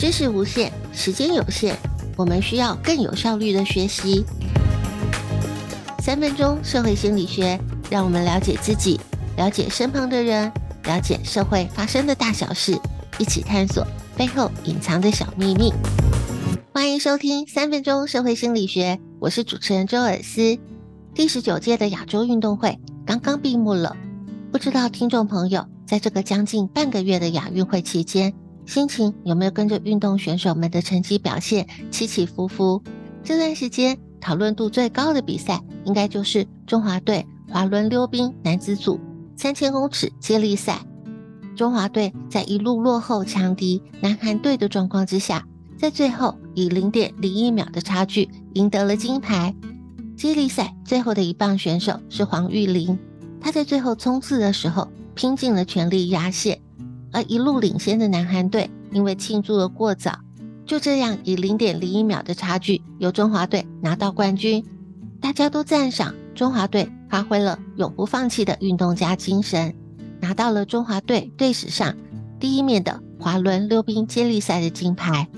知識無限，時間有限，我們需要更有效率的學習。三分鐘社會心理學，讓我們了解自己，了解身旁的人，了解社會發生的大小事，一起探索背後隱藏的小秘密。歡迎收聽三分鐘社會心理學，我是主持人周爾思。第十九屆的亞洲運動會剛剛閉幕了，不知道聽眾朋友在這個將近半個月的亞運會期間，心情有沒有跟着運動選手們的成績表現起起伏伏？這段時間討論度最高的比賽，應該就是中華隊滑輪溜冰男子組三千公尺接力賽。中華隊在一路落後強敵南韓隊的狀況之下，在最後以零點零一秒的差距贏得了金牌。接力賽最後的一棒選手是黃玉玲，她在最後衝刺的時候拼盡了全力壓線。而一路領先的南韓隊，因為慶祝的過早，就這樣以零點零一秒的差距，由中華隊拿到冠軍。大家都讚賞中華隊發揮了永不放棄的運動家精神，拿到了中華隊隊史上第一面的滑輪溜冰接力賽的金牌。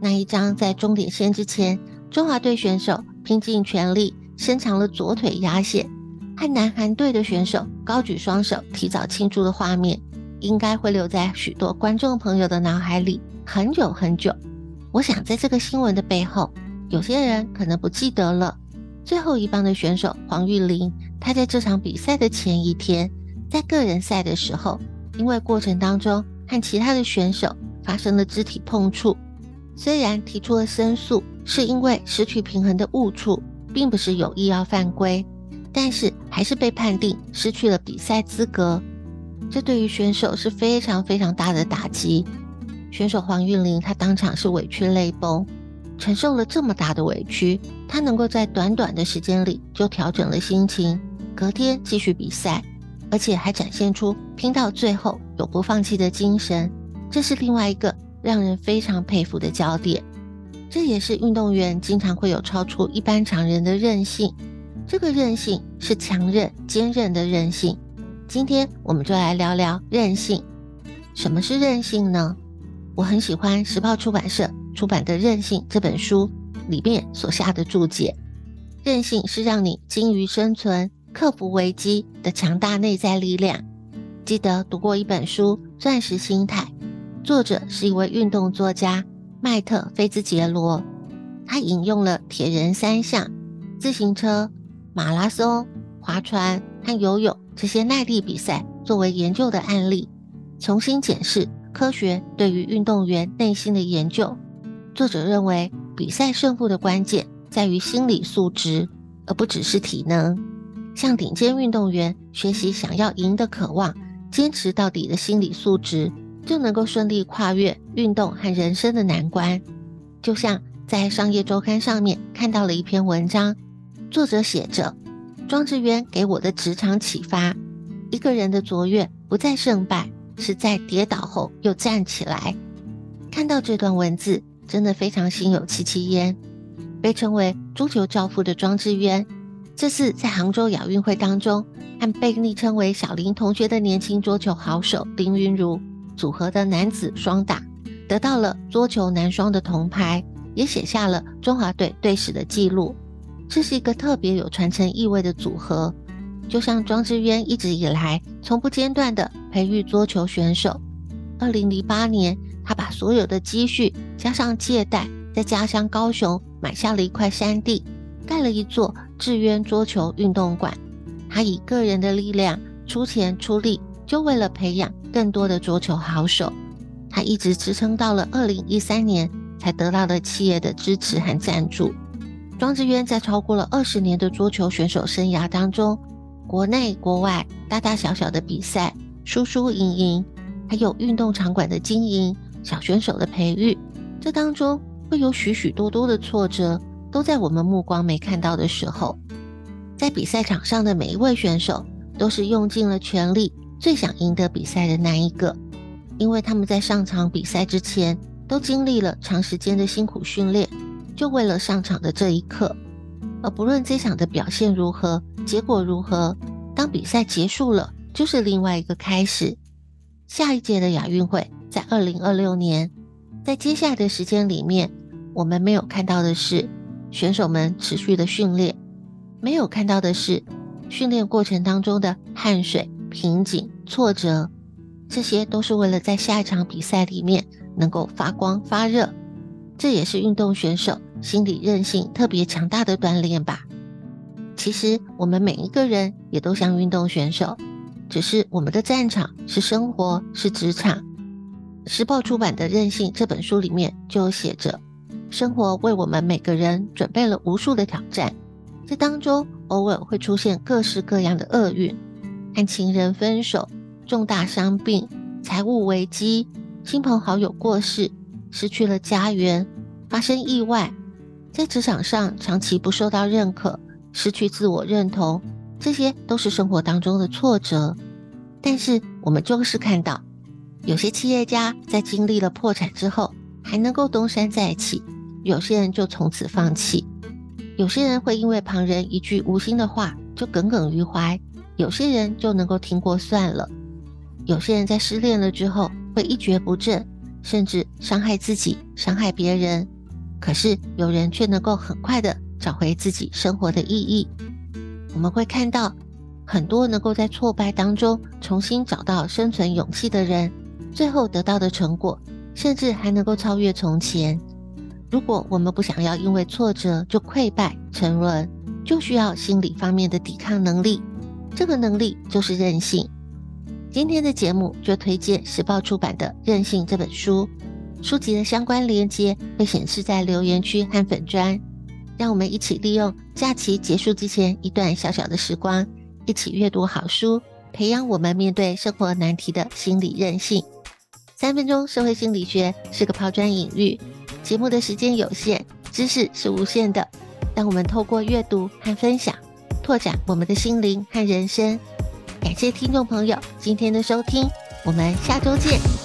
那一張在終點線之前，中華隊選手拼盡全力伸長了左腿壓線，和南韓隊的選手高舉雙手提早慶祝的畫面，應該會留在許多觀眾朋友的腦海裡很久很久。我想，在這個新聞的背後，有些人可能不記得了。最後一棒的選手黃玉玲，她在這場比賽的前一天，在個人賽的時候，因為過程當中和其他的選手發生了肢體碰觸，雖然提出了申訴，是因為失去平衡的誤觸，並不是有意要犯規，但是還是被判定失去了比賽資格。這對於選手是非常非常大的打擊。選手黃韻玲，她當場是委屈淚崩，承受了這麼大的委屈，她能夠在短短的時間裡就調整了心情，隔天繼續比賽，而且還展現出拼到最後永不放棄的精神，這是另外一個讓人非常佩服的焦點。這也是運動員經常會有超出一般常人的韌性，這個韌性是強韌、堅韌的韌性。今天我們就來聊聊韌性。什麼是韌性呢？我很喜歡時報出版社出版的《韌性》這本書裡面所下的註解。韌性是讓你精於生存、克服危機的強大內在力量。記得讀過一本書《鑽石心態》，作者是一位運動作家麥特·菲茲傑羅，他引用了鐵人三項、自行車、馬拉松、划船和游泳。這些耐力比賽作為研究的案例，重新檢視科學對於運動員內心的研究。作者認為，比賽勝負的關鍵在於心理素質，而不只是體能。向頂尖運動員學習，想要贏的渴望，堅持到底的心理素質，就能夠順利跨越運動和人生的難關。就像在商業周刊上面看到了一篇文章，作者寫着，莊智淵給我的職場啟發：一個人的卓越不在勝敗，是在跌倒後又站起來。看到這段文字，真的非常心有戚戚焉。被稱為桌球教父的莊智淵，這次在杭州亞運會當中，和被昵稱為“小林同學”的年輕桌球好手林昀儒組合的男子雙打，得到了桌球男雙的銅牌，也寫下了中華隊隊史的記錄。這是一個特別有傳承意味的組合，就像莊智淵一直以來從不間斷地培育桌球選手。2008年，他把所有的積蓄加上借貸，在家鄉高雄買下了一塊山地，蓋了一座智淵桌球運動館。他以個人的力量出錢出力，就為了培養更多的桌球好手。他一直支撐到了2013年，才得到了企業的支持和贊助。莊智淵在超過了二十年的桌球選手生涯當中，國內國外大大小小的比賽輸輸贏贏，還有運動場館的經營、小選手的培育，這當中會有許許多多的挫折，都在我們目光沒看到的時候。在比賽場上的每一位選手，都是用盡了全力、最想贏得比賽的那一個，因為他們在上場比賽之前，都經歷了長時間的辛苦訓練。就為了上場的這一刻，而不論這場的表現如何，結果如何，當比賽結束了，就是另外一個開始。下一屆的亞運會在二零二六年，在接下來的時間裡面，我們沒有看到的是選手們持續的訓練，沒有看到的是訓練過程當中的汗水、瓶頸、挫折，這些都是為了在下一場比賽裡面能夠發光發熱。這也是運動選手，心理韌性特別強大的鍛鍊吧。其實我們每一個人也都像運動選手，只是我們的戰場是生活，是職場。時報出版的《韌性》這本書裡面就寫着：生活為我們每個人準備了無數的挑戰，在當中偶爾會出現各式各樣的厄運，和情人分手、重大傷病、財務危機、親朋好友過世、失去了家園、發生意外。在職場上長期不受到認可，失去自我認同，這些都是生活當中的挫折。但是我們總是看到，有些企業家在經歷了破產之後還能夠東山再起，有些人就從此放棄，有些人會因為旁人一句無心的話就耿耿於懷，有些人就能夠聽過算了，有些人在失戀了之後會一蹶不振，甚至傷害自己，傷害別人。可是有人卻能夠很快的找回自己生活的意義。我們會看到很多能夠在挫敗當中重新找到生存勇氣的人，最後得到的成果，甚至還能夠超越從前。如果我們不想要因為挫折就潰敗沉淪，就需要心理方面的抵抗能力。這個能力就是韌性。今天的節目就推薦時報出版的《韌性》這本書。書籍的相關連結會顯示在留言區和粉專，讓我們一起利用假期結束之前一段小小的時光，一起閱讀好書，培養我們面對生活難題的心理韌性。三分鐘社會心理學是個拋磚引玉，節目的時間有限，知識是無限的。讓我們透過閱讀和分享，拓展我們的心靈和人生。感謝聽眾朋友今天的收聽，我們下周見。